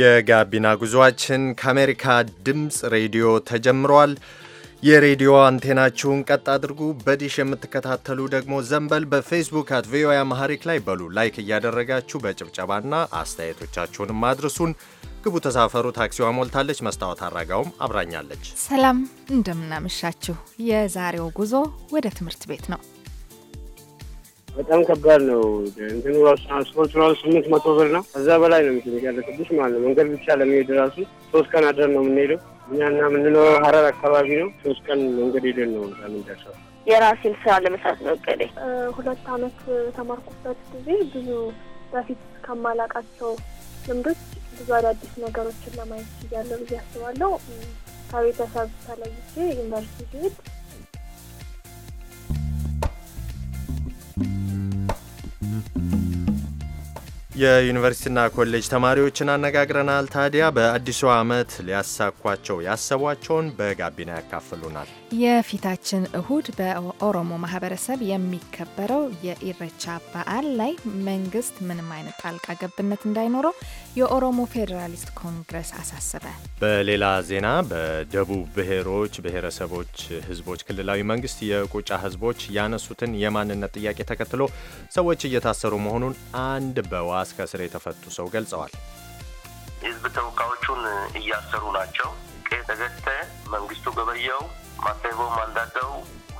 የጋቢና ጉዞአችን ከአሜሪካ ድምፅ ሬዲዮ ተጀምሯል። የሬዲዮ አንቴናችሁን ቀጥ አድርጉ። በዲሽ የምትከታተሉ ደግሞ ዘንበል በፌስቡክ አት ቪኦኤ አማሐሪክ ላይ በሉ ላይክ እያደረጋችሁ በጭብጨባና አስተያየቶቻችሁንም ማድረሱን ግቡ፣ ተሳፈሩ። ታክሲዋ ሞልታለች። መስታወት አራጋውም አብራኛለች። ሰላም እንደምናመሻችሁ። የዛሬው ጉዞ ወደ ትምህርት ቤት ነው። በጣም ከባድ ነው። እንትኑ ራሱ ትራንስፖርት ራሱ ስምንት መቶ ብር ነው። ከዛ በላይ ነው የሚችሉት ያለቅብሽ ማለት ነው። መንገድ ብቻ ለመሄድ ራሱ ሶስት ቀን አድረን ነው የምንሄደው። እኛና የምንኖረው ሀረር አካባቢ ነው። ሶስት ቀን መንገድ ሄደን ነው ምንደርሰው። የራሴን ስራ ለመስራት ነው እቅዴ። ሁለት አመት ተማርኩበት ጊዜ ብዙ በፊት ከማላቃቸው ልምዶች ብዙ አዳዲስ ነገሮችን ለማየት ያለው ብዬ አስባለሁ። ከቤተሰብ ተለይቼ ዩኒቨርሲቲ ሲሄድ የዩኒቨርሲቲና ኮሌጅ ተማሪዎችን አነጋግረናል። ታዲያ በአዲሱ ዓመት ሊያሳኳቸው ያሰቧቸውን በጋቢና ያካፍሉናል። የፊታችን እሁድ በኦሮሞ ማህበረሰብ የሚከበረው የኢሬቻ በዓል ላይ መንግስት ምንም አይነት ጣልቃ ገብነት እንዳይኖረው የኦሮሞ ፌዴራሊስት ኮንግረስ አሳሰበ። በሌላ ዜና በደቡብ ብሔሮች ብሔረሰቦች ህዝቦች ክልላዊ መንግስት የቁጫ ህዝቦች ያነሱትን የማንነት ጥያቄ ተከትሎ ሰዎች እየታሰሩ መሆኑን አንድ በዋ ስር የተፈቱ ሰው ገልጸዋል። የህዝብ ተወካዮቹን እያሰሩ ናቸው። ቄስ ተገተ፣ መንግስቱ ገበየው፣ ማሰቦ ማንዳደው፣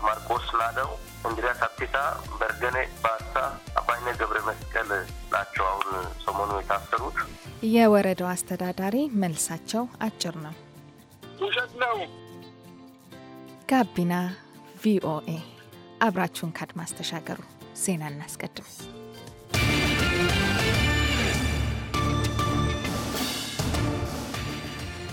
ማርቆስ ላደው፣ እንድሪያስ ካፒታ፣ በርገኔ ባሳ፣ አባይነ ገብረ መስቀል ናቸው አሁን ሰሞኑ የታሰሩት። የወረዳው አስተዳዳሪ መልሳቸው አጭር ነው፣ ውሸት ነው። ጋቢና ቪኦኤ አብራችሁን ከአድማስ ተሻገሩ። ዜና እናስቀድም።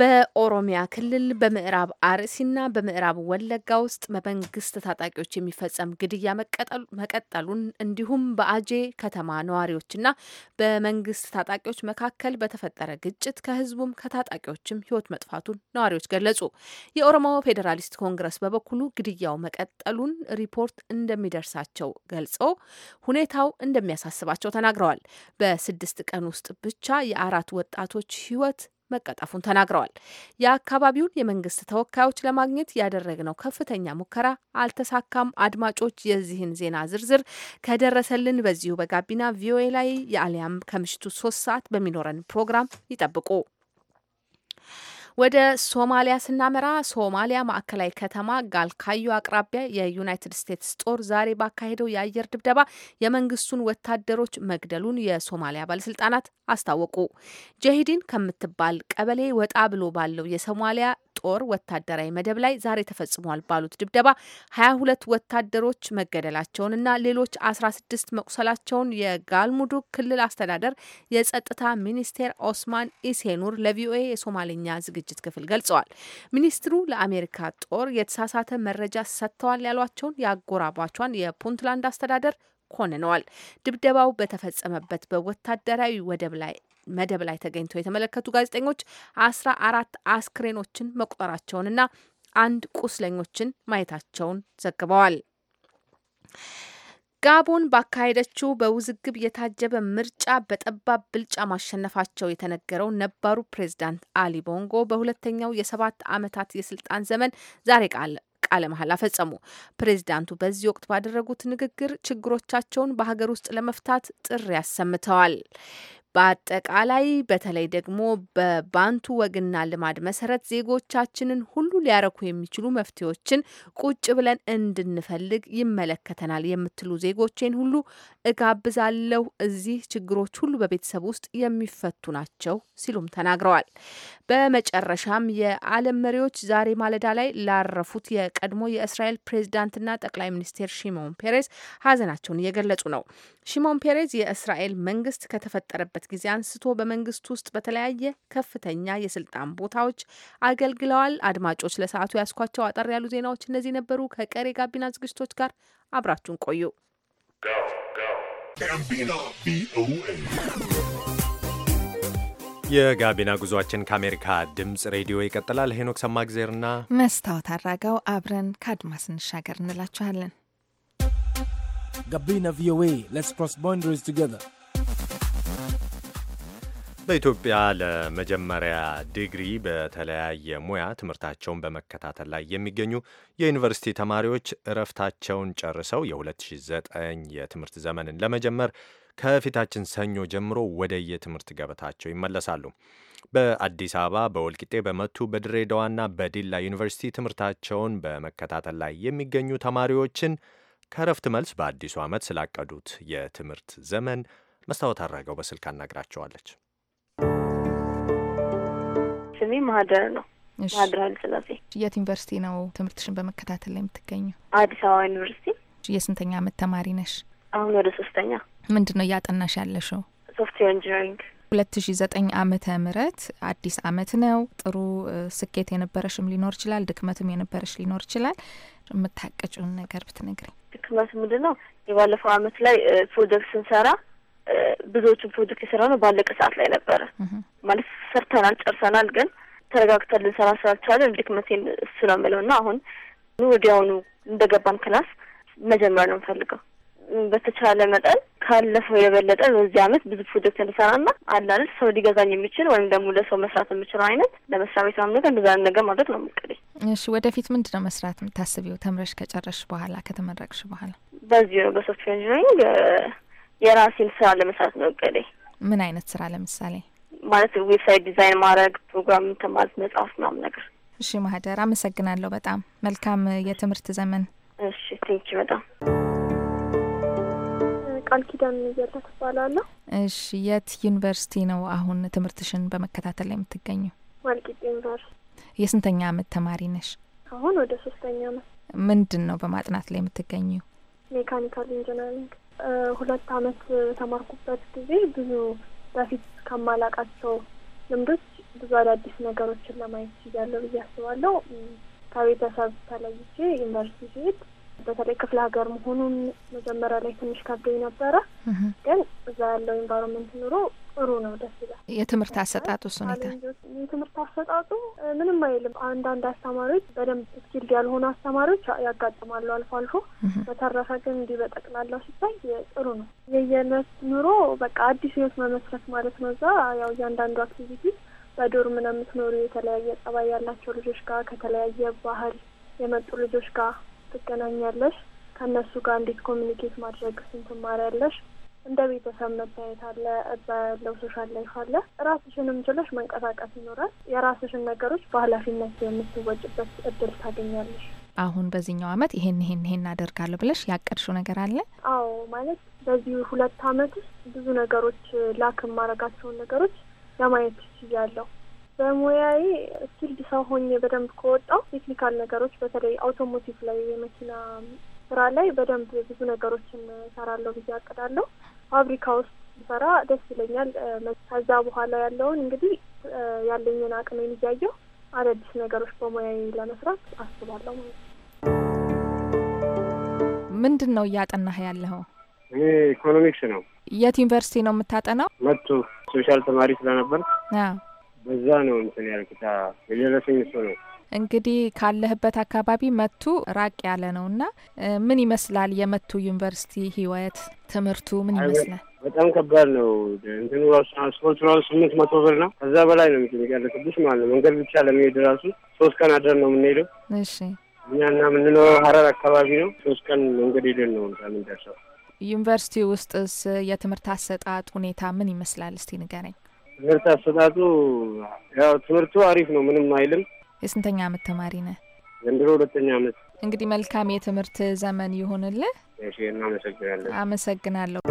በኦሮሚያ ክልል በምዕራብ አርሲና በምዕራብ ወለጋ ውስጥ በመንግስት ታጣቂዎች የሚፈጸም ግድያ መቀጠሉን እንዲሁም በአጄ ከተማ ነዋሪዎችና በመንግስት ታጣቂዎች መካከል በተፈጠረ ግጭት ከህዝቡም ከታጣቂዎችም ህይወት መጥፋቱን ነዋሪዎች ገለጹ። የኦሮሞ ፌዴራሊስት ኮንግረስ በበኩሉ ግድያው መቀጠሉን ሪፖርት እንደሚደርሳቸው ገልጸው ሁኔታው እንደሚያሳስባቸው ተናግረዋል። በስድስት ቀን ውስጥ ብቻ የአራት ወጣቶች ህይወት መቀጠፉን ተናግረዋል። የአካባቢውን የመንግስት ተወካዮች ለማግኘት ያደረግነው ከፍተኛ ሙከራ አልተሳካም። አድማጮች፣ የዚህን ዜና ዝርዝር ከደረሰልን በዚሁ በጋቢና ቪኦኤ ላይ የአሊያም ከምሽቱ ሶስት ሰዓት በሚኖረን ፕሮግራም ይጠብቁ። ወደ ሶማሊያ ስናመራ ሶማሊያ ማዕከላዊ ከተማ ጋልካዩ አቅራቢያ የዩናይትድ ስቴትስ ጦር ዛሬ ባካሄደው የአየር ድብደባ የመንግስቱን ወታደሮች መግደሉን የሶማሊያ ባለስልጣናት አስታወቁ። ጀሂዲን ከምትባል ቀበሌ ወጣ ብሎ ባለው የሶማሊያ ጦር ወታደራዊ መደብ ላይ ዛሬ ተፈጽሟል ባሉት ድብደባ ሀያ ሁለት ወታደሮች መገደላቸውንና ሌሎች አስራ ስድስት መቁሰላቸውን የጋልሙዱ ክልል አስተዳደር የጸጥታ ሚኒስቴር ኦስማን ኢሴኑር ለቪኦኤ የሶማሌኛ ዝግጅት ዝግጅት ክፍል ገልጸዋል። ሚኒስትሩ ለአሜሪካ ጦር የተሳሳተ መረጃ ሰጥተዋል ያሏቸውን የአጎራባቿን የፑንትላንድ አስተዳደር ኮንነዋል። ድብደባው በተፈጸመበት በወታደራዊ ወደብ ላይ መደብ ላይ ተገኝተው የተመለከቱ ጋዜጠኞች አስራ አራት አስክሬኖችን መቁጠራቸውንና አንድ ቁስለኞችን ማየታቸውን ዘግበዋል። ጋቦን ባካሄደችው በውዝግብ የታጀበ ምርጫ በጠባብ ብልጫ ማሸነፋቸው የተነገረው ነባሩ ፕሬዝዳንት አሊ ቦንጎ በሁለተኛው የሰባት ዓመታት የስልጣን ዘመን ዛሬ ቃል ቃለ መሐላ ፈጸሙ። ፕሬዚዳንቱ በዚህ ወቅት ባደረጉት ንግግር ችግሮቻቸውን በሀገር ውስጥ ለመፍታት ጥሪ አሰምተዋል። በአጠቃላይ በተለይ ደግሞ በባንቱ ወግና ልማድ መሰረት ዜጎቻችንን ሁሉ ሊያረኩ የሚችሉ መፍትሄዎችን ቁጭ ብለን እንድንፈልግ ይመለከተናል የምትሉ ዜጎቼን ሁሉ እጋብዛለሁ። እዚህ ችግሮች ሁሉ በቤተሰብ ውስጥ የሚፈቱ ናቸው ሲሉም ተናግረዋል። በመጨረሻም የዓለም መሪዎች ዛሬ ማለዳ ላይ ላረፉት የቀድሞ የእስራኤል ፕሬዚዳንትና ጠቅላይ ሚኒስቴር ሺሞን ፔሬዝ ሀዘናቸውን እየገለጹ ነው። ሺሞን ፔሬዝ የእስራኤል መንግስት ከተፈጠረበት ጊዜ አንስቶ በመንግስት ውስጥ በተለያየ ከፍተኛ የስልጣን ቦታዎች አገልግለዋል። አድማጮች፣ ለሰዓቱ ያስኳቸው አጠር ያሉ ዜናዎች እነዚህ ነበሩ። ከቀሬ ጋቢና ዝግጅቶች ጋር አብራችሁን ቆዩ። የጋቢና ጉዟችን ከአሜሪካ ድምፅ ሬዲዮ ይቀጥላል። ሄኖክ ሰማግዜርና መስታወት አራጋው አብረን ከአድማስ እንሻገር እንላችኋለን። ጋቢና ቪኦኤ ሌትስ ክሮስ ቦንደሪስ ቱጌዘር በኢትዮጵያ ለመጀመሪያ ዲግሪ በተለያየ ሙያ ትምህርታቸውን በመከታተል ላይ የሚገኙ የዩኒቨርሲቲ ተማሪዎች እረፍታቸውን ጨርሰው የ2009 የትምህርት ዘመንን ለመጀመር ከፊታችን ሰኞ ጀምሮ ወደ የትምህርት ገበታቸው ይመለሳሉ። በአዲስ አበባ፣ በወልቂጤ፣ በመቱ፣ በድሬዳዋና በዲላ ዩኒቨርሲቲ ትምህርታቸውን በመከታተል ላይ የሚገኙ ተማሪዎችን ከእረፍት መልስ በአዲሱ ዓመት ስላቀዱት የትምህርት ዘመን መስታወት አድረገው በስልክ አናግራቸዋለች። ስሜ ማህደር ነው። ማህደር ኃይለ የት ዩኒቨርሲቲ ነው ትምህርትሽን በመከታተል ላይ የምትገኘው? አዲስ አበባ ዩኒቨርሲቲ። የስንተኛ አመት ተማሪ ነሽ? አሁን ወደ ሶስተኛ። ምንድን ነው እያጠናሽ ያለሽው? ሶፍትዌር ኢንጂነሪንግ። ሁለት ሺ ዘጠኝ አመተ ምህረት አዲስ አመት ነው። ጥሩ ስኬት የነበረሽም ሊኖር ይችላል፣ ድክመትም የነበረሽ ሊኖር ይችላል። የምታቀጭውን ነገር ብትነግሪኝ። ድክመት ምንድን ነው? የባለፈው አመት ላይ ፕሮጀክት ስንሰራ ብዙዎቹን ፕሮጀክት የሰራ ነው ባለቀ ሰዓት ላይ ነበረ ሰርተናል፣ ጨርሰናል። ግን ተረጋግተን ልንሰራ ስላልቻለን ድክመቴን እሱ ነው የምለው እና አሁን ወዲያውኑ እንደገባን ክላስ መጀመር ነው የምፈልገው። በተቻለ መጠን ካለፈው የበለጠ በዚህ አመት ብዙ ፕሮጀክት እንሰራ ና አላለት ሰው ሊገዛኝ የሚችል ወይም ደግሞ ለሰው መስራት የምችለው አይነት ለመስሪያ ቤት ማምለክ እንደዛ ነገር ማድረግ ነው የምቀደኝ። እሺ፣ ወደፊት ምንድን ነው መስራት የምታስቢው ተምረሽ ከጨረሽ በኋላ ከተመረቅሽ በኋላ? በዚሁ ነው በሶፍትዌር ኢንጂኒሪንግ የራሴን ስራ ለመስራት ነው እቅዴ። ምን አይነት ስራ ለምሳሌ? ማለት ዌብሳይት ዲዛይን ማድረግ ፕሮግራም ተማዝ መጽሐፍ ምናምን ነገር። እሺ ማህደር አመሰግናለሁ በጣም መልካም የትምህርት ዘመን። እሺ ቴንኪ በጣም ቃል ኪዳን እያለ ትባላለሁ። እሺ የት ዩኒቨርሲቲ ነው አሁን ትምህርትሽን በመከታተል ላይ የምትገኙ? ወልቂጤ ዩኒቨርሲቲ። የስንተኛ አመት ተማሪ ነሽ? አሁን ወደ ሶስተኛ አመት። ምንድን ነው በማጥናት ላይ የምትገኘው? ሜካኒካል ኢንጂነሪንግ። ሁለት አመት ተማርኩበት ጊዜ ብዙ በፊት ከማላቃቸው ልምዶች ብዙ አዳዲስ ነገሮችን ለማየት ችያለሁ ብዬ አስባለሁ። ከቤተሰብ ተለይቼ ዩኒቨርሲቲ ሲሄድ በተለይ ክፍለ ሀገር መሆኑን መጀመሪያ ላይ ትንሽ ከብዶኝ ነበረ። ግን እዛ ያለው ኤንቫይሮንመንት ኑሮ ጥሩ ነው፣ ደስ ይላል። የትምህርት አሰጣጡስ ሁኔታ የትምህርት አሰጣጡ ምንም አይልም። አንዳንድ አስተማሪዎች በደንብ ስኪልድ ያልሆኑ አስተማሪዎች ያጋጥማሉ አልፎ አልፎ። በተረፈ ግን እንዲህ በጠቅላላው ሲታይ ጥሩ ነው። የየነት ኑሮ በቃ አዲስ ህይወት መመስረት ማለት ነው። እዛ ያው እያንዳንዱ አክቲቪቲ በዶርም ነው የምትኖሩ የተለያየ ጸባይ ያላቸው ልጆች ጋር ከተለያየ ባህል የመጡ ልጆች ጋር ትገናኛለሽ። ከእነሱ ጋር እንዴት ኮሚኒኬት ማድረግ ስንትማሪያለሽ እንደ ቤተሰብ መታየት አለ፣ እዛ ያለው ሶሻል ላይፍ አለ። ራስሽንም ችለሽ መንቀሳቀስ ይኖራል። የራስሽን ነገሮች በኃላፊነት የምትወጭበት እድል ታገኛለሽ። አሁን በዚህኛው አመት ይሄን ይሄን ይሄን አደርጋለሁ ብለሽ ያቀድሽው ነገር አለ? አዎ ማለት በዚህ ሁለት አመት ውስጥ ብዙ ነገሮች ላክ የማረጋቸውን ነገሮች ለማየት ችያለሁ። በሙያዬ ስኪልድ ሰው ሆኜ በደንብ ከወጣው ቴክኒካል ነገሮች በተለይ አውቶሞቲቭ ላይ የመኪና ስራ ላይ በደንብ ብዙ ነገሮችን እሰራለሁ ብዬ አቅዳለሁ። ፋብሪካ ውስጥ ሰራ ደስ ይለኛል። ከዛ በኋላ ያለውን እንግዲህ ያለኝን አቅም እያየሁ አዳዲስ ነገሮች በሙያዬ ለመስራት አስባለሁ ማለት ነው። ምንድን ነው እያጠናህ ያለኸው? እኔ ኢኮኖሚክስ ነው። የት ዩኒቨርሲቲ ነው የምታጠናው? መቱ ሶሻል ተማሪ ስለነበር በዛ ነው እንትን ያልኩት የደረሰኝ እሱ ነው። እንግዲህ ካለህበት አካባቢ መቱ ራቅ ያለ ነው እና ምን ይመስላል የመቱ ዩኒቨርሲቲ ህይወት? ትምህርቱ ምን ይመስላል? በጣም ከባድ ነው። እንትኑ ራሱ ትራንስፖርት ራሱ ስምንት መቶ ብር ነው። ከዛ በላይ ነው የሚጠለቅብሽ ማለት ነው። መንገድ ብቻ ለመሄድ ራሱ ሶስት ቀን አደር ነው የምንሄደው። እሺ እኛ እና የምንኖረው ሀረር አካባቢ ነው። ሶስት ቀን መንገድ ሄደን ነው ምንደርሰው። ዩኒቨርሲቲ ውስጥስ የትምህርት አሰጣጥ ሁኔታ ምን ይመስላል? እስቲ ንገረኝ። ትምህርት አሰጣጡ ያው ትምህርቱ አሪፍ ነው፣ ምንም አይልም የስንተኛ አመት ተማሪ ነህ? ዘንድሮ ሁለተኛ አመት። እንግዲህ መልካም የትምህርት ዘመን ይሁንልህ። እናመሰግናለን። አመሰግናለሁ።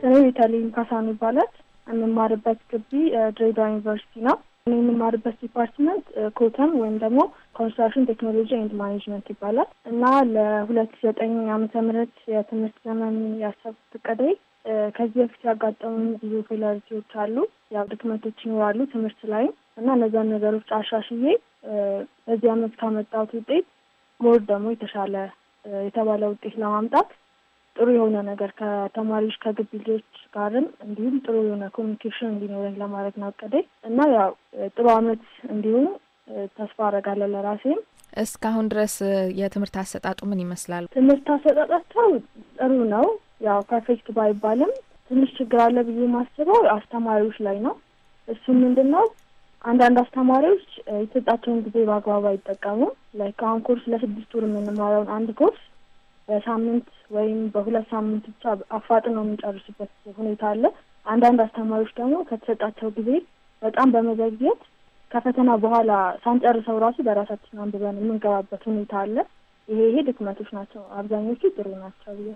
ስሜ ቤተልሔም ካሳኑ ይባላል። የምማርበት ግቢ ድሬዳዋ ዩኒቨርሲቲ ነው። እኔ የምማርበት ዲፓርትመንት ኮተም ወይም ደግሞ ኮንስትራክሽን ቴክኖሎጂ ኤንድ ማኔጅመንት ይባላል እና ለሁለት ዘጠኝ አመተ ምህረት የትምህርት ዘመን ያሰብኩት እቅዴ ከዚህ በፊት ያጋጠሙ ብዙ ፌላሪቲዎች አሉ፣ ያው ድክመቶች ይኖራሉ ትምህርት ላይም እና እነዚያን ነገሮች አሻሽዬ በዚህ አመት ካመጣሁት ውጤት ሞር ደግሞ የተሻለ የተባለ ውጤት ለማምጣት ጥሩ የሆነ ነገር ከተማሪዎች ከግቢ ልጆች ጋርም እንዲሁም ጥሩ የሆነ ኮሚኒኬሽን እንዲኖረኝ ለማድረግ ነው አቀዴ እና ያው ጥሩ አመት እንዲሁም ተስፋ አረጋለ ለራሴም። እስካሁን ድረስ የትምህርት አሰጣጡ ምን ይመስላል? ትምህርት አሰጣጣቸው ጥሩ ነው። ያው ፐርፌክት ባይባልም ትንሽ ችግር አለ ብዬ ማስበው አስተማሪዎች ላይ ነው። እሱ ምንድን ነው አንዳንድ አስተማሪዎች የተሰጣቸውን ጊዜ በአግባቡ አይጠቀሙም። ላይክ አሁን ኮርስ ለስድስት ወር የምንማረውን አንድ ኮርስ በሳምንት ወይም በሁለት ሳምንት ብቻ አፋጥነው የሚጨርሱበት ሁኔታ አለ። አንዳንድ አስተማሪዎች ደግሞ ከተሰጣቸው ጊዜ በጣም በመዘግየት ከፈተና በኋላ ሳንጨርሰው ራሱ በራሳችን አንብበን የምንገባበት ሁኔታ አለ። ይሄ ይሄ ናቸው። አብዛኞቹ ጥሩ ናቸው ብዬ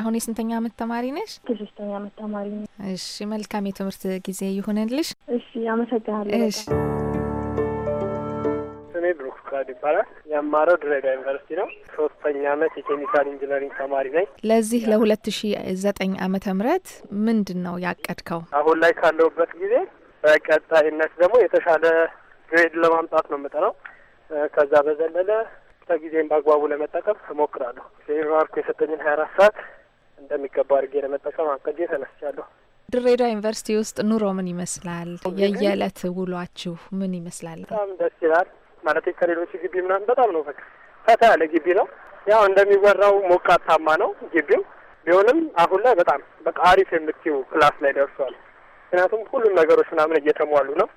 አሁን የስንተኛ አመት ተማሪ ነሽ? ከሶስተኛ አመት ተማሪ ነ እሺ፣ መልካም የትምህርት ጊዜ ይሁንልሽ። እሺ፣ አመሰግናለሁ። እሺ ስሜ ብሩክ ካድ ይባላል። የማረው ድሬዳዋ ዩኒቨርሲቲ ነው። ሶስተኛ አመት የኬሚካል ኢንጂነሪንግ ተማሪ ነኝ። ለዚህ ለሁለት ሺ ዘጠኝ አመተ ምህረት ምንድን ነው ያቀድከው? አሁን ላይ ካለሁበት ጊዜ በቀጣይነት ደግሞ የተሻለ ግሬድ ለማምጣት ነው የምጠራው። ከዛ በዘለለ የጸጥታ ጊዜን በአግባቡ ለመጠቀም እሞክራለሁ። ሴሚማርኩ የሰጠኝን ሀያ አራት ሰዓት እንደሚገባ አድርጌ ለመጠቀም አቅጄ ተነስቻለሁ። ድሬዳዋ ዩኒቨርሲቲ ውስጥ ኑሮ ምን ይመስላል? የየዕለት ውሏችሁ ምን ይመስላል? በጣም ደስ ይላል። ማለት ከሌሎች ግቢ ምናምን በጣም ነው በቃ ፈታ ያለ ግቢ ነው። ያው እንደሚወራው ሞቃታማ ነው ግቢው ቢሆንም አሁን ላይ በጣም በቃ አሪፍ የምትዩ ክላስ ላይ ደርሷል። ምክንያቱም ሁሉም ነገሮች ምናምን እየተሟሉ ነው።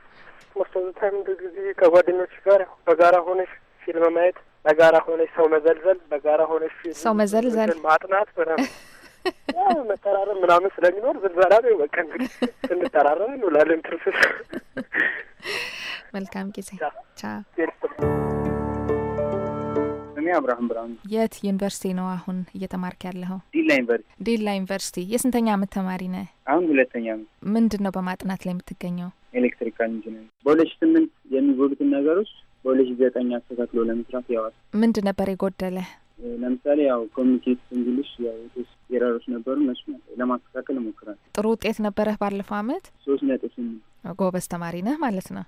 ሞስት ኦፍ ታይም ብዙ ጊዜ ከጓደኞች ጋር ያው በጋራ ሆነሽ ፊልም ማየት በጋራ ሆነች ሰው መዘልዘል፣ በጋራ ሆነች ሰው መዘልዘል፣ ማጥናት ምናምን መጠራረብ ምናምን ስለሚኖር ዝልዘላ ነው። በቃ እንግዲህ ስንጠራረብ እንውላለን። ትርስስ መልካም ጊዜ። እኔ አብርሃም ብርሃኑ። የት ዩኒቨርሲቲ ነው አሁን እየተማርክ ያለኸው? ዲላ ዩኒቨርሲቲ። ዲላ ዩኒቨርሲቲ። የስንተኛ አመት ተማሪ ነህ? አሁን ሁለተኛ አመት። ምንድን ነው በማጥናት ላይ የምትገኘው? ኤሌክትሪካል ኢንጂነሪንግ። በሁለት ሺህ ስምንት የሚጎሉትን ነገሮች በሁለት ሺ ዘጠኝ አስተካክሎ ለመስራት ያዋል። ምንድን ነበር የጎደለ? ለምሳሌ ያው ኮሚኒኬት እንግሊሽ ያው ሶስት ኤረሮች ነበሩ። እነሱ ለማስተካከል እሞክራል። ጥሩ ውጤት ነበረህ ባለፈው አመት ሶስት ነጥብ ስምንት ጎበዝ ተማሪ ነህ ማለት ነው።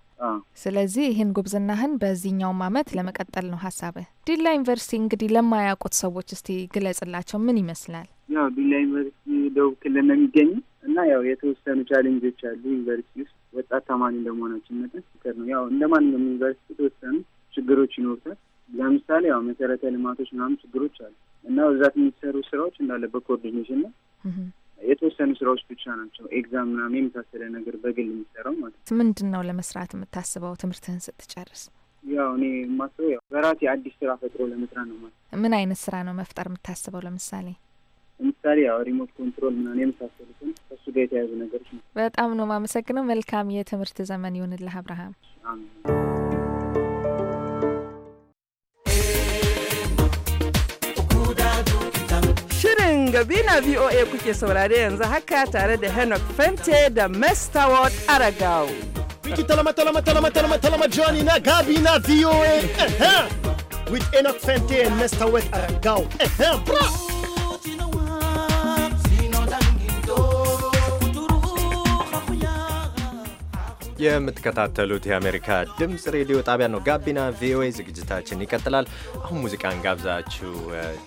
ስለዚህ ይህን ጉብዝናህን በዚህኛውም አመት ለመቀጠል ነው ሀሳብህ። ዲላ ዩኒቨርሲቲ እንግዲህ ለማያውቁት ሰዎች እስቲ ግለጽላቸው፣ ምን ይመስላል? ያው ዲላ ዩኒቨርሲቲ ደቡብ ክልል ነው የሚገኝ እና ያው የተወሰኑ ቻሌንጆች አሉ ዩኒቨርሲቲ ውስጥ ወጣት ተማሪ እንደመሆናችን መጠን ፍቅር ነው። ያው እንደ ማንኛውም ዩኒቨርሲቲ የተወሰኑ ችግሮች ይኖሩታል። ለምሳሌ ያው መሰረተ ልማቶች ምናምን ችግሮች አሉ እና በብዛት የሚሰሩ ስራዎች እንዳለ በኮኦርዲኔሽን ነው የተወሰኑ ስራዎች ብቻ ናቸው። ኤግዛም ምናምን የመሳሰለ ነገር በግል የሚሰራው ማለት ነው። ምንድን ነው ለመስራት የምታስበው ትምህርትህን ስትጨርስ? ያው እኔ የማስበው ያው በራሴ አዲስ ስራ ፈጥሮ ለመስራት ነው ማለት። ምን አይነት ስራ ነው መፍጠር የምታስበው? ለምሳሌ ለምሳሌ ያው ሪሞት ኮንትሮል ምናምን የመሳሰሉትን ከሱ ጋር የተያዙ ነገሮች ነው። በጣም ነው ማመሰግነው። መልካም የትምህርት ዘመን ይሆንልህ አብርሃም። Shirin Gabina VOA kuke saurare yanzu haka tare da Enoch Fente da Mr. Ward Aragao. Wiki talama talama talama talama talama Johnny na Gabina VOA. With Enoch Fente and Mr. Ward Aragao. Bra! የምትከታተሉት የአሜሪካ ድምፅ ሬዲዮ ጣቢያ ነው። ጋቢና ቪኦኤ ዝግጅታችን ይቀጥላል። አሁን ሙዚቃን ጋብዛችሁ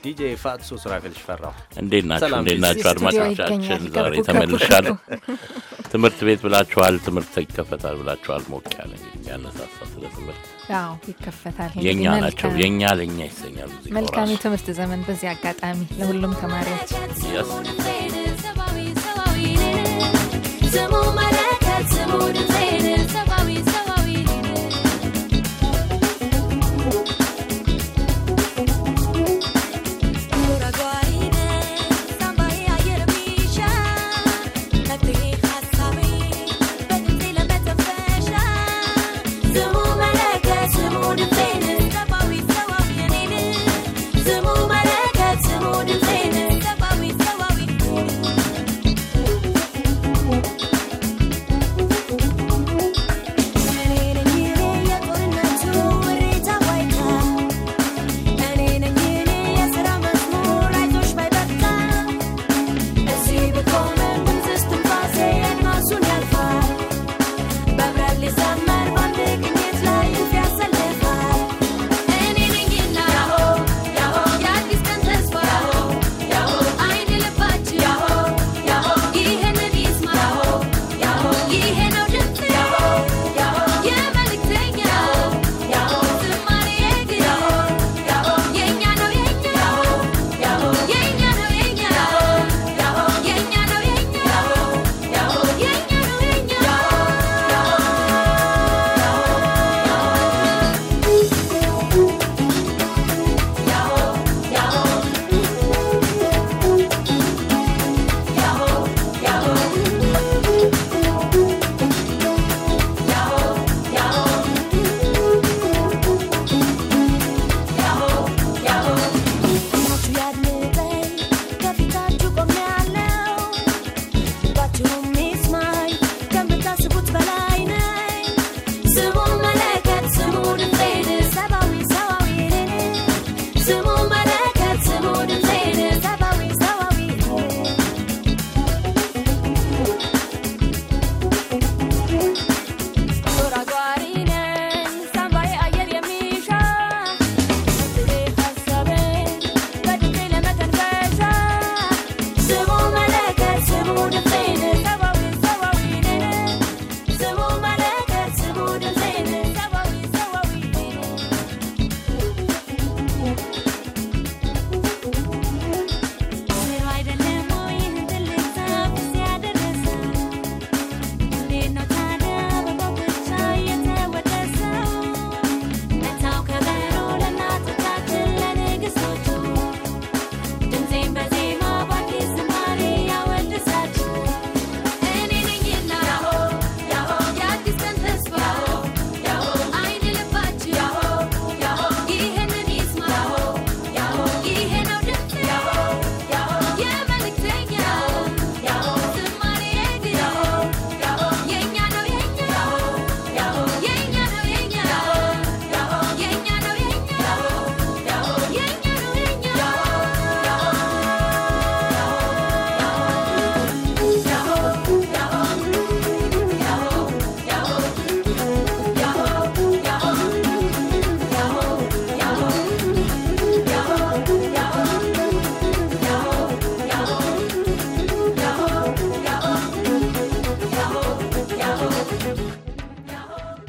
ዲጄ ፋትሱ ሱራፌል ሽፈራው፣ እንዴት ናችሁ? እንዴት ናችሁ አድማጮቻችን? ዛሬ ተመልሻለሁ። ትምህርት ቤት ብላችኋል፣ ትምህርት ይከፈታል ብላችኋል። ሞቅ ያለ የሚያነሳሳ ስለ ትምህርት ይከፈታል። የኛ ናቸው የኛ ለእኛ ይሰኛሉ። መልካም የትምህርት ዘመን በዚህ አጋጣሚ ለሁሉም ተማሪዎች Zemo malakat, zemo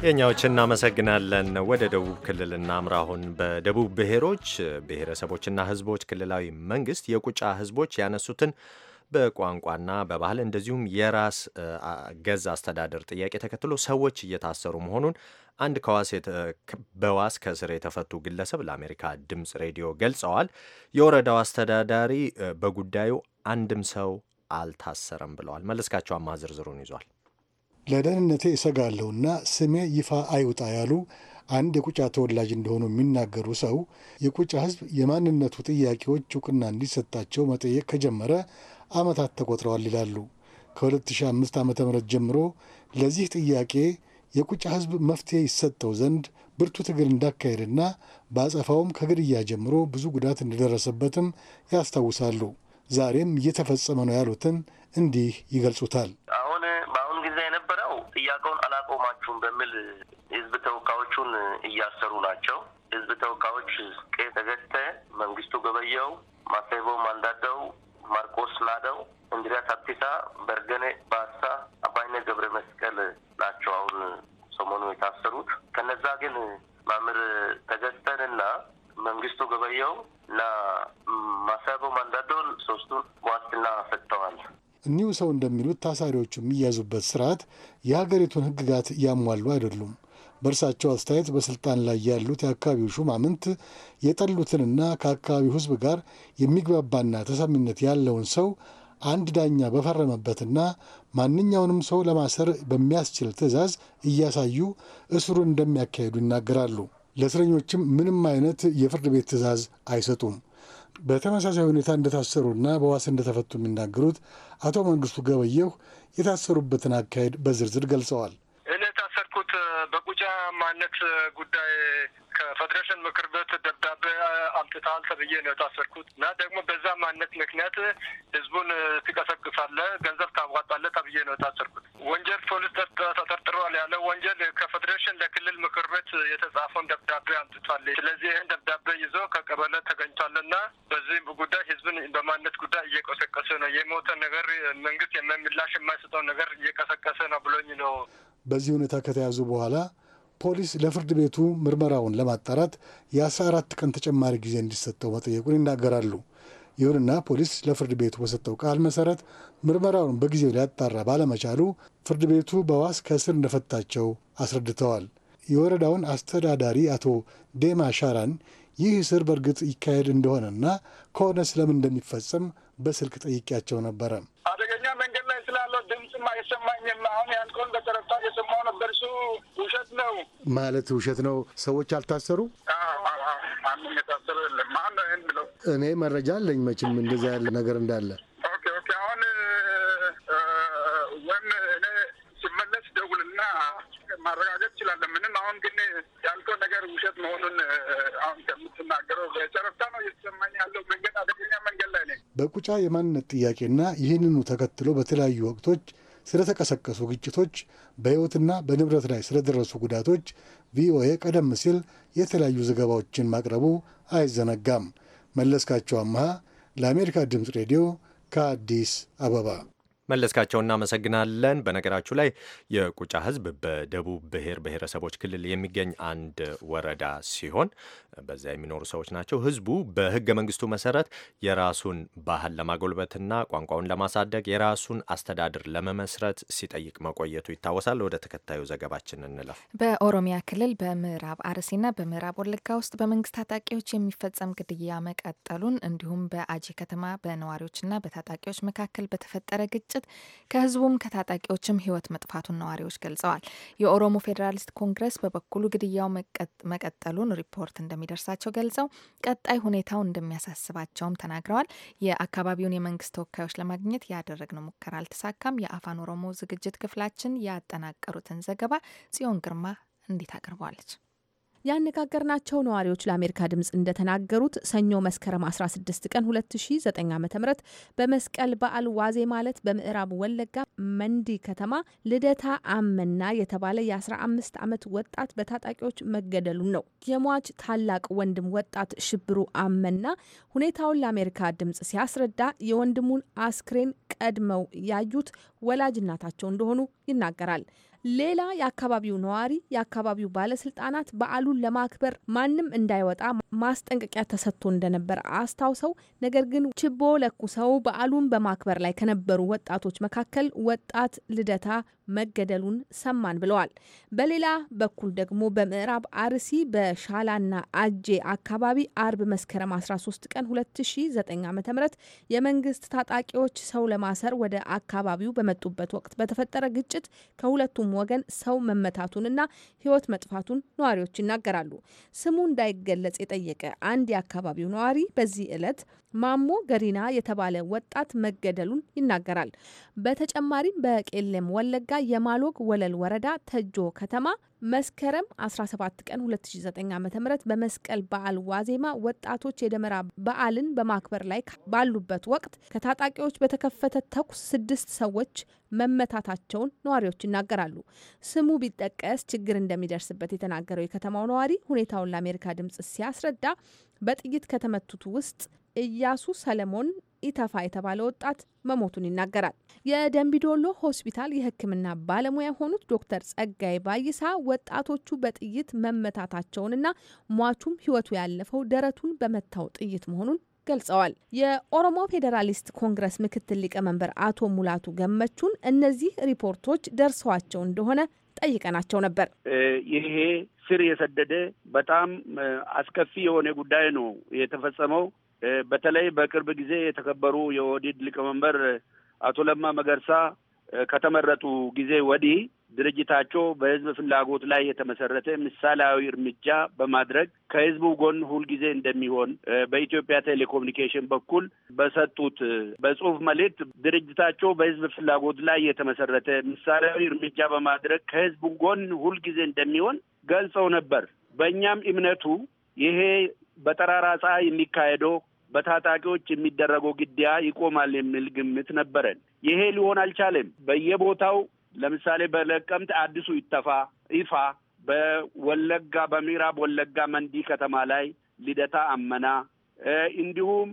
የኛዎች እናመሰግናለን። ወደ ደቡብ ክልል እናምራ። አሁን በደቡብ ብሔሮች ብሔረሰቦችና ሕዝቦች ክልላዊ መንግስት የቁጫ ሕዝቦች ያነሱትን በቋንቋና በባህል እንደዚሁም የራስ ገዝ አስተዳደር ጥያቄ ተከትሎ ሰዎች እየታሰሩ መሆኑን አንድ ከዋስ በዋስ ከእስር የተፈቱ ግለሰብ ለአሜሪካ ድምፅ ሬዲዮ ገልጸዋል። የወረዳው አስተዳዳሪ በጉዳዩ አንድም ሰው አልታሰረም ብለዋል። መለስካቸው አማህ ዝርዝሩን ይዟል። ለደህንነቴ እሰጋለሁና ስሜ ይፋ አይውጣ ያሉ አንድ የቁጫ ተወላጅ እንደሆኑ የሚናገሩ ሰው የቁጫ ሕዝብ የማንነቱ ጥያቄዎች እውቅና እንዲሰጣቸው መጠየቅ ከጀመረ ዓመታት ተቆጥረዋል ይላሉ። ከ2005 ዓ ም ጀምሮ ለዚህ ጥያቄ የቁጫ ሕዝብ መፍትሄ ይሰጠው ዘንድ ብርቱ ትግል እንዳካሄድና በአጸፋውም ከግድያ ጀምሮ ብዙ ጉዳት እንደደረሰበትም ያስታውሳሉ። ዛሬም እየተፈጸመ ነው ያሉትን እንዲህ ይገልጹታል። አላቆማችሁም በሚል ህዝብ ተወካዮቹን እያሰሩ ናቸው። ህዝብ ተወካዮች ቄ ተገተ፣ መንግስቱ ገበየው፣ ማሴቦ ማንዳደው፣ ማርቆስ ናደው፣ እንድሪያስ አብቲሳ፣ በርገኔ ባሳ፣ አባይነ ገብረ መስቀል ናቸው አሁን ሰሞኑ የታሰሩት። ከነዛ ግን ማምር ተገተን እና መንግስቱ ገበየው እና ማሳቦ ማንዳዶን ሶስቱን ዋስትና ሰጥተዋል። እኒሁ ሰው እንደሚሉት ታሳሪዎቹ የሚያዙበት ስርዓት የሀገሪቱን ህግጋት ያሟሉ አይደሉም። በእርሳቸው አስተያየት በስልጣን ላይ ያሉት የአካባቢው ሹማምንት የጠሉትንና ከአካባቢው ህዝብ ጋር የሚግባባና ተሰሚነት ያለውን ሰው አንድ ዳኛ በፈረመበትና ማንኛውንም ሰው ለማሰር በሚያስችል ትዕዛዝ እያሳዩ እስሩን እንደሚያካሂዱ ይናገራሉ። ለእስረኞችም ምንም አይነት የፍርድ ቤት ትዕዛዝ አይሰጡም። በተመሳሳይ ሁኔታ እንደታሰሩና በዋስ እንደተፈቱ የሚናገሩት አቶ መንግስቱ ገበየሁ የታሰሩበትን አካሄድ በዝርዝር ገልጸዋል። እኔ የታሰርኩት በቁጫ ማነት ጉዳይ ከፌዴሬሽን ምክር ቤት ደብዳቤ አምጥተሃል ተብዬ ነው የታሰርኩት እና ደግሞ በዛ ማነት ምክንያት ህዝቡን ትቀሰግሳለ፣ ገንዘብ ታዋጣለህ ተብዬ ነው የታሰርኩት። ወንጀል ፖሊስ ተጠርጥሯል ያለ ወንጀል ከፌዴሬሽን ለክልል ምክር ቤት የተጻፈውን ደብዳቤ አምጥቷል። ስለዚህ ይህን ደብዳቤ ይዞ ተገኝቷል ተገኝቷልና በዚህ ጉዳይ ህዝብን በማነት ጉዳይ እየቀሰቀሰ ነው የሞተ ነገር መንግስት የመምላሽ የማይሰጠው ነገር እየቀሰቀሰ ነው ብሎኝ ነው። በዚህ ሁኔታ ከተያዙ በኋላ ፖሊስ ለፍርድ ቤቱ ምርመራውን ለማጣራት የ14 ቀን ተጨማሪ ጊዜ እንዲሰጠው መጠየቁን ይናገራሉ። ይሁንና ፖሊስ ለፍርድ ቤቱ በሰጠው ቃል መሰረት ምርመራውን በጊዜው ሊያጣራ ባለመቻሉ ፍርድ ቤቱ በዋስ ከእስር እንደፈታቸው አስረድተዋል። የወረዳውን አስተዳዳሪ አቶ ዴማ ሻራን ይህ እስር በእርግጥ ይካሄድ እንደሆነና ከሆነ ስለምን እንደሚፈጸም በስልክ ጠይቄያቸው ነበረ። ድምፅም አይሰማኝም። አሁን ያልከውን በተረታ የሰማው ነበር። እሱ ውሸት ነው ማለት ውሸት ነው። ሰዎች አልታሰሩ ማንም የታሰሩ የለም። እኔ መረጃ አለኝ መቼም እንደዚያ ያለ ነገር እንዳለ ማረጋገጥ ይችላለን። ምንም አሁን ግን ያልከው ነገር ውሸት መሆኑን አሁን ከምትናገረው ጨረፍታ ነው እየተሰማኝ ያለው። መንገድ አደገኛ መንገድ ላይ ነኝ። በቁጫ የማንነት ጥያቄና ይህንኑ ተከትሎ በተለያዩ ወቅቶች ስለተቀሰቀሱ ግጭቶች፣ በሕይወትና በንብረት ላይ ስለደረሱ ጉዳቶች ቪኦኤ ቀደም ሲል የተለያዩ ዘገባዎችን ማቅረቡ አይዘነጋም። መለስካቸው አምሃ ለአሜሪካ ድምፅ ሬዲዮ ከአዲስ አበባ መለስካቸው እናመሰግናለን። በነገራችሁ ላይ የቁጫ ህዝብ በደቡብ ብሔር ብሔረሰቦች ክልል የሚገኝ አንድ ወረዳ ሲሆን በዚያ የሚኖሩ ሰዎች ናቸው። ህዝቡ በህገ መንግስቱ መሰረት የራሱን ባህል ለማጎልበትና ቋንቋውን ለማሳደግ የራሱን አስተዳደር ለመመስረት ሲጠይቅ መቆየቱ ይታወሳል። ወደ ተከታዩ ዘገባችን እንለፍ። በኦሮሚያ ክልል በምዕራብ አርሲና በምዕራብ ወለጋ ውስጥ በመንግስት ታጣቂዎች የሚፈጸም ግድያ መቀጠሉን እንዲሁም በአጂ ከተማ በነዋሪዎችና በታጣቂዎች መካከል በተፈጠረ ግጭት ግጭት ከህዝቡም ከታጣቂዎችም ህይወት መጥፋቱን ነዋሪዎች ገልጸዋል። የኦሮሞ ፌዴራሊስት ኮንግረስ በበኩሉ ግድያው መቀጠሉን ሪፖርት እንደሚደርሳቸው ገልጸው ቀጣይ ሁኔታው እንደሚያሳስባቸውም ተናግረዋል። የአካባቢውን የመንግስት ተወካዮች ለማግኘት ያደረግነው ሙከራ አልተሳካም። የአፋን ኦሮሞ ዝግጅት ክፍላችን ያጠናቀሩትን ዘገባ ጽዮን ግርማ እንዴት አቅርበዋለች። ያነጋገርናቸው ነዋሪዎች ለአሜሪካ ድምፅ እንደተናገሩት ሰኞ መስከረም 16 ቀን 2009 ዓ.ም በመስቀል በዓል ዋዜ ማለት በምዕራብ ወለጋ መንዲ ከተማ ልደታ አመና የተባለ የ15 ዓመት ወጣት በታጣቂዎች መገደሉን ነው። የሟች ታላቅ ወንድም ወጣት ሽብሩ አመና ሁኔታውን ለአሜሪካ ድምፅ ሲያስረዳ የወንድሙን አስክሬን ቀድመው ያዩት ወላጅ እናታቸው እንደሆኑ ይናገራል። ሌላ የአካባቢው ነዋሪ የአካባቢው ባለስልጣናት በዓሉን ለማክበር ማንም እንዳይወጣ ማስጠንቀቂያ ተሰጥቶ እንደነበር አስታውሰው፣ ነገር ግን ችቦ ለኩሰው በዓሉን በማክበር ላይ ከነበሩ ወጣቶች መካከል ወጣት ልደታ መገደሉን ሰማን ብለዋል። በሌላ በኩል ደግሞ በምዕራብ አርሲ በሻላና አጄ አካባቢ አርብ መስከረም 13 ቀን 2009 ዓ ም የመንግስት ታጣቂዎች ሰው ለማሰር ወደ አካባቢው በመጡበት ወቅት በተፈጠረ ግጭት ከሁለቱም ወገን ሰው መመታቱንና ሕይወት መጥፋቱን ነዋሪዎች ይናገራሉ። ስሙ እንዳይገለጽ የጠየቀ አንድ የአካባቢው ነዋሪ በዚህ ዕለት ማሞ ገሪና የተባለ ወጣት መገደሉን ይናገራል። በተጨማሪም በቄለም ወለጋ የማሎግ ወለል ወረዳ ተጆ ከተማ መስከረም 17 ቀን 2009 ዓ ም በመስቀል በዓል ዋዜማ ወጣቶች የደመራ በዓልን በማክበር ላይ ባሉበት ወቅት ከታጣቂዎች በተከፈተ ተኩስ ስድስት ሰዎች መመታታቸውን ነዋሪዎች ይናገራሉ። ስሙ ቢጠቀስ ችግር እንደሚደርስበት የተናገረው የከተማው ነዋሪ ሁኔታውን ለአሜሪካ ድምፅ ሲያስረዳ በጥይት ከተመቱት ውስጥ ኢያሱ ሰለሞን ኢተፋ የተባለ ወጣት መሞቱን ይናገራል። የደንቢዶሎ ሆስፒታል የሕክምና ባለሙያ የሆኑት ዶክተር ጸጋይ ባይሳ ወጣቶቹ በጥይት መመታታቸውንና ሟቹም ሕይወቱ ያለፈው ደረቱን በመታው ጥይት መሆኑን ገልጸዋል። የኦሮሞ ፌዴራሊስት ኮንግረስ ምክትል ሊቀመንበር አቶ ሙላቱ ገመቹን እነዚህ ሪፖርቶች ደርሰዋቸው እንደሆነ ጠይቀናቸው ነበር። ይሄ ስር የሰደደ በጣም አስከፊ የሆነ ጉዳይ ነው የተፈጸመው። በተለይ በቅርብ ጊዜ የተከበሩ የኦህዴድ ሊቀመንበር አቶ ለማ መገርሳ ከተመረጡ ጊዜ ወዲህ ድርጅታቸው በህዝብ ፍላጎት ላይ የተመሰረተ ምሳሌያዊ እርምጃ በማድረግ ከህዝቡ ጎን ሁልጊዜ እንደሚሆን በኢትዮጵያ ቴሌኮሙኒኬሽን በኩል በሰጡት በጽሁፍ መልእክት ድርጅታቸው በህዝብ ፍላጎት ላይ የተመሰረተ ምሳሌያዊ እርምጃ በማድረግ ከህዝቡ ጎን ሁልጊዜ እንደሚሆን ገልጸው ነበር። በእኛም እምነቱ ይሄ በጠራራ ፀሐይ የሚካሄደው በታጣቂዎች የሚደረገው ግድያ ይቆማል የሚል ግምት ነበረን። ይሄ ሊሆን አልቻለም። በየቦታው ለምሳሌ በለቀምት አዲሱ ይተፋ ይፋ፣ በወለጋ በምዕራብ ወለጋ መንዲ ከተማ ላይ ልደታ አመና፣ እንዲሁም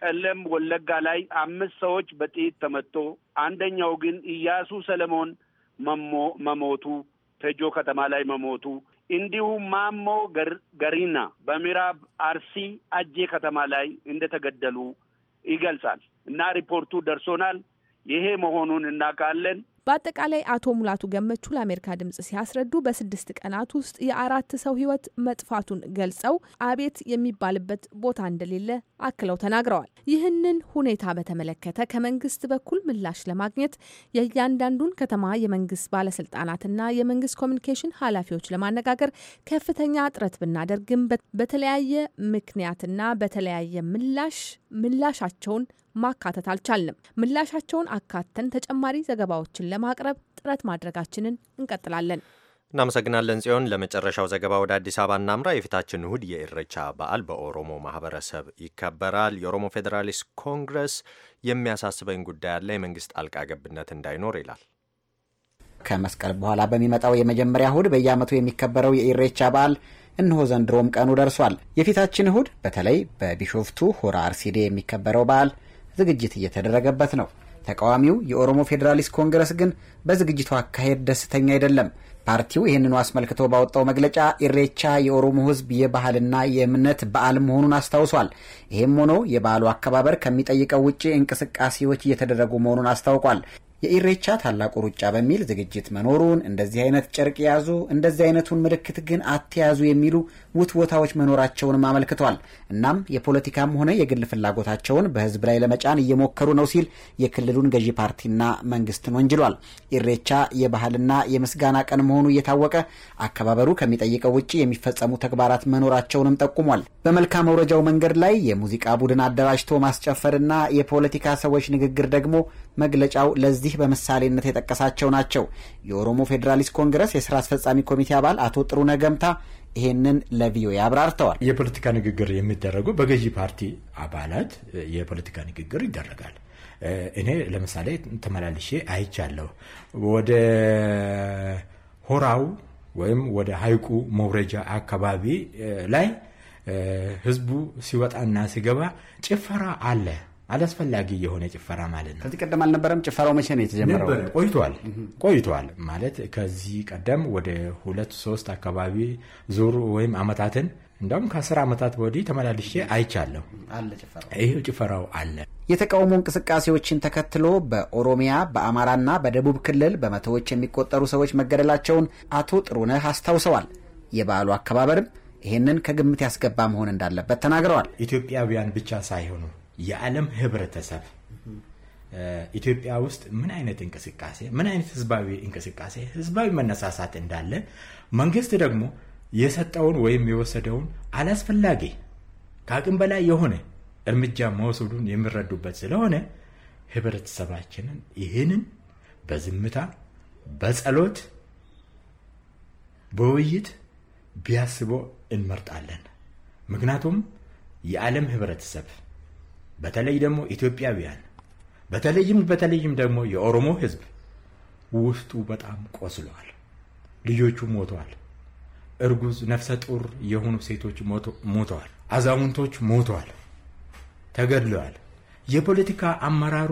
ቀለም ወለጋ ላይ አምስት ሰዎች በጥይት ተመቶ አንደኛው ግን እያሱ ሰለሞን መሞ መሞቱ ተጆ ከተማ ላይ መሞቱ እንዲሁም ማሞ ገሪና በምዕራብ አርሲ አጄ ከተማ ላይ እንደተገደሉ ይገልጻል እና ሪፖርቱ ደርሶናል። ይሄ መሆኑን እናውቃለን። በአጠቃላይ አቶ ሙላቱ ገመቹ ለአሜሪካ ድምጽ ሲያስረዱ በስድስት ቀናት ውስጥ የአራት ሰው ህይወት መጥፋቱን ገልጸው አቤት የሚባልበት ቦታ እንደሌለ አክለው ተናግረዋል። ይህንን ሁኔታ በተመለከተ ከመንግስት በኩል ምላሽ ለማግኘት የእያንዳንዱን ከተማ የመንግስት ባለስልጣናትና የመንግስት ኮሚኒኬሽን ኃላፊዎች ለማነጋገር ከፍተኛ ጥረት ብናደርግም በተለያየ ምክንያትና በተለያየ ምላሽ ምላሻቸውን ማካተት አልቻልንም። ምላሻቸውን አካተን ተጨማሪ ዘገባዎችን ለማቅረብ ጥረት ማድረጋችንን እንቀጥላለን። እናመሰግናለን ጽዮን። ለመጨረሻው ዘገባ ወደ አዲስ አበባ እናምራ። የፊታችን እሁድ የኢሬቻ በዓል በኦሮሞ ማህበረሰብ ይከበራል። የኦሮሞ ፌዴራሊስት ኮንግረስ የሚያሳስበኝ ጉዳይ አለ፣ የመንግስት ጣልቃ ገብነት እንዳይኖር ይላል። ከመስቀል በኋላ በሚመጣው የመጀመሪያ እሁድ በየአመቱ የሚከበረው የኢሬቻ በዓል እነሆ ዘንድሮም ቀኑ ደርሷል። የፊታችን እሁድ በተለይ በቢሾፍቱ ሆራ አርሲዴ የሚከበረው በዓል ዝግጅት እየተደረገበት ነው። ተቃዋሚው የኦሮሞ ፌዴራሊስት ኮንግረስ ግን በዝግጅቱ አካሄድ ደስተኛ አይደለም። ፓርቲው ይህንኑ አስመልክቶ ባወጣው መግለጫ ኢሬቻ የኦሮሞ ህዝብ የባህልና የእምነት በዓል መሆኑን አስታውሷል። ይህም ሆኖ የበዓሉ አከባበር ከሚጠይቀው ውጭ እንቅስቃሴዎች እየተደረጉ መሆኑን አስታውቋል። የኢሬቻ ታላቁ ሩጫ በሚል ዝግጅት መኖሩን፣ እንደዚህ አይነት ጨርቅ የያዙ እንደዚህ አይነቱን ምልክት ግን አትያዙ የሚሉ ውትወታዎች መኖራቸውንም አመልክቷል። እናም የፖለቲካም ሆነ የግል ፍላጎታቸውን በህዝብ ላይ ለመጫን እየሞከሩ ነው ሲል የክልሉን ገዢ ፓርቲና መንግስትን ወንጅሏል። ኢሬቻ የባህልና የምስጋና ቀን መሆኑ እየታወቀ አከባበሩ ከሚጠይቀው ውጭ የሚፈጸሙ ተግባራት መኖራቸውንም ጠቁሟል። በመልካም መውረጃው መንገድ ላይ የሙዚቃ ቡድን አደራጅቶ ማስጨፈርና የፖለቲካ ሰዎች ንግግር ደግሞ መግለጫው ለዚህ በምሳሌነት የጠቀሳቸው ናቸው። የኦሮሞ ፌዴራሊስት ኮንግረስ የስራ አስፈጻሚ ኮሚቴ አባል አቶ ጥሩነ ገምታ ይህንን ለቪኦኤ አብራርተዋል። የፖለቲካ ንግግር የሚደረጉ በገዢ ፓርቲ አባላት የፖለቲካ ንግግር ይደረጋል። እኔ ለምሳሌ ተመላልሼ አይቻለሁ ወደ ሆራው ወይም ወደ ሀይቁ መውረጃ አካባቢ ላይ ህዝቡ ሲወጣና ሲገባ ጭፈራ አለ። አላስፈላጊ የሆነ ጭፈራ ማለት ነው። ከዚህ ቀደም አልነበረም። ጭፈራው መቼ ነው የተጀመረው? ቆይቷል ቆይቷል ማለት ከዚህ ቀደም ወደ ሁለት ሶስት አካባቢ ዙር ወይም አመታትን እንደውም ከአስር ዓመታት ወዲህ ተመላልሼ አይቻለሁ። ይህ ጭፈራው አለ። የተቃውሞ እንቅስቃሴዎችን ተከትሎ በኦሮሚያ በአማራና በደቡብ ክልል በመቶዎች የሚቆጠሩ ሰዎች መገደላቸውን አቶ ጥሩነህ አስታውሰዋል። የበዓሉ አከባበርም ይህንን ከግምት ያስገባ መሆን እንዳለበት ተናግረዋል። ኢትዮጵያውያን ብቻ ሳይሆኑ የዓለም ህብረተሰብ ኢትዮጵያ ውስጥ ምን አይነት እንቅስቃሴ ምን አይነት ህዝባዊ እንቅስቃሴ ህዝባዊ መነሳሳት እንዳለ መንግስት ደግሞ የሰጠውን ወይም የወሰደውን አላስፈላጊ ከአቅም በላይ የሆነ እርምጃ መውሰዱን የሚረዱበት ስለሆነ ህብረተሰባችንን ይህንን በዝምታ በጸሎት በውይይት ቢያስቦ እንመርጣለን። ምክንያቱም የዓለም ህብረተሰብ በተለይ ደግሞ ኢትዮጵያውያን በተለይም በተለይም ደግሞ የኦሮሞ ህዝብ ውስጡ በጣም ቆስሏል ልጆቹ ሞተዋል። እርጉዝ፣ ነፍሰ ጡር የሆኑ ሴቶች ሞተዋል። አዛውንቶች ሞተዋል፣ ተገድለዋል። የፖለቲካ አመራሩ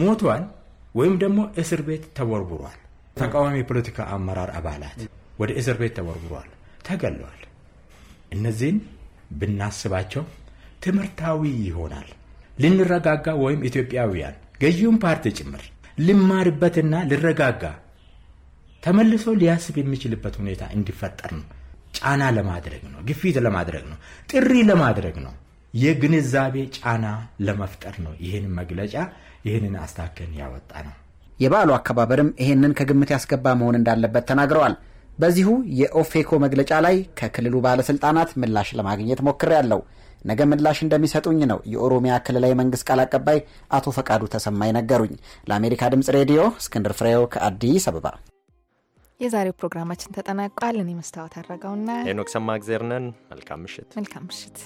ሞቷል ወይም ደግሞ እስር ቤት ተወርውሯል። ተቃዋሚ የፖለቲካ አመራር አባላት ወደ እስር ቤት ተወርውሯል፣ ተገለዋል። እነዚህን ብናስባቸው ትምህርታዊ ይሆናል። ልንረጋጋ ወይም ኢትዮጵያውያን ገዢውን ፓርቲ ጭምር ልማርበትና ልረጋጋ ተመልሶ ሊያስብ የሚችልበት ሁኔታ እንዲፈጠር ነው። ጫና ለማድረግ ነው፣ ግፊት ለማድረግ ነው፣ ጥሪ ለማድረግ ነው፣ የግንዛቤ ጫና ለመፍጠር ነው። ይህን መግለጫ ይህንን አስታከን ያወጣ ነው። የበዓሉ አከባበርም ይህንን ከግምት ያስገባ መሆን እንዳለበት ተናግረዋል። በዚሁ የኦፌኮ መግለጫ ላይ ከክልሉ ባለስልጣናት ምላሽ ለማግኘት ያለው ነገ ምላሽ እንደሚሰጡኝ ነው የኦሮሚያ ክልላዊ መንግስት ቃል አቀባይ አቶ ፈቃዱ ተሰማይ ነገሩኝ። ለአሜሪካ ድምፅ ሬዲዮ እስክንድር ፍሬው ከአዲስ አበባ የዛሬው ፕሮግራማችን ተጠናቋል። እኔ መስታወት አድረገውና ሄኖክ ሰማእግዜር ነን። መልካም ምሽት። መልካም ምሽት።